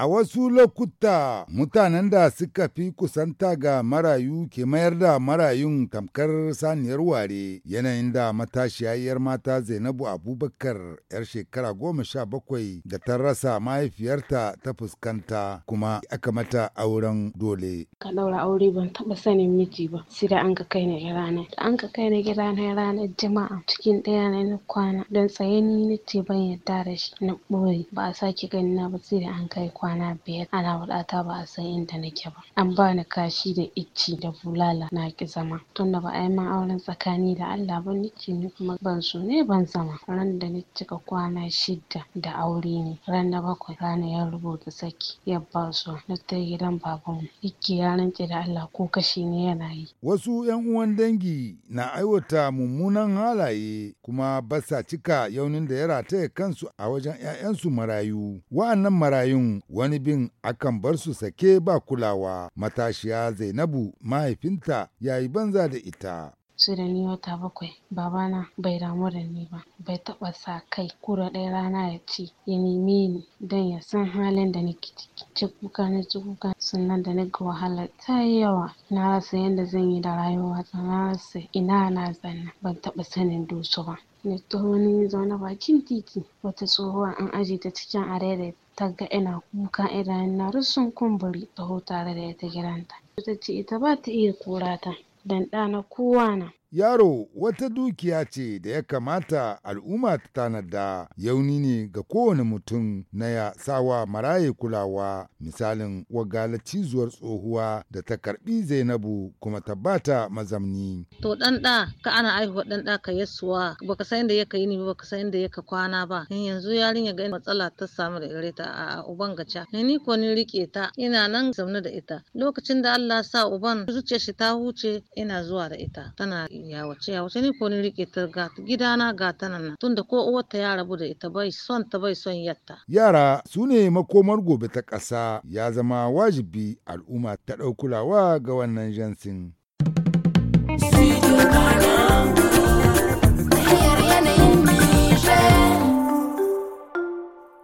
A wasu lokuta mutanen da suka fi kusanta ga marayu ke mayar da marayun tamkar saniyar ware yanayin da matashiyayyar mata Zainabu Abubakar 'yar shekara goma sha bakwai da ta rasa mahaifiyarta ta fuskanta kuma aka mata auren dole. Ka daura aure ban taɓa sanin miji ba, sai da an ka kai na rana. Da an ka kai na rana ranar jama'a cikin ɗaya na kwana don tsaye ni ce ban yarda da shi na ɓoye ba a sake ganina ba sai da an kai kwana. kwana biyar ana wadata ba a san inda nake ba an bani kashi da icci da bulala na ki zama tunda ba a yi auren tsakani da Allah ba nice ni kuma ban so ne ban zama ran da na cika kwana shida da aure ne ran na bakwai rana ya rubuta saki ya ba su na ta gidan babanmu yake ya rance da Allah ko kashi ne yana yi wasu yan uwan dangi na aiwata mummunan halaye kuma ba sa cika yaunin da ya rataye kansu a wajen 'ya'yansu marayu wa'annan marayun wani bin akan bar su sake ba kulawa matashiya zainabu mahaifinta ya yi banza da ita su da ni wata bakwai babana bai damu da ni ba bai taba sa kai kura ɗaya rana ya ce ya nemi ni don ya san halin da ke ciki cikuka na cikuka sannan da na ga wahala ta yi yawa na rasa yadda zan yi da rayuwa ta, na rasa ina na zanna ban taba sanin dosu ba na wani zaune bakin titi wata tsohuwa an aje ta cikin arere ta ina kuka idan na sun kumburi taho tare da ita gidanta. Ta ce ita ba ta iya kora ta dan ɗa na kowa na. Yaro wata dukiya ce da ya kamata al'umma ta tanada yauni ne ga kowane mutum na ya sawa maraye kulawa misalin wagalaci zuwar tsohuwa da ta karbi Zainabu kuma ta bata mazamni. To dan da ka ana aihuwa dan da ka yasuwa baka san da yaka yini baka san da ka kwana ba in yanzu yarinya ga matsala ta samu da gare ta a uban gaca ne ni ko ni rike ta ina nan zaune da ita lokacin da Allah sa uban zuciyar shi ta huce ina zuwa da ita tana yawace yawace ni ko ni rike ta ga gidana ga ta nan tunda ko uwarta ya rabu da ita bai son ta bai son yatta. Yara su ne makomar gobe ta ƙasa ya zama wajibi al'umma ta ɗaukulawa ga wannan jansin.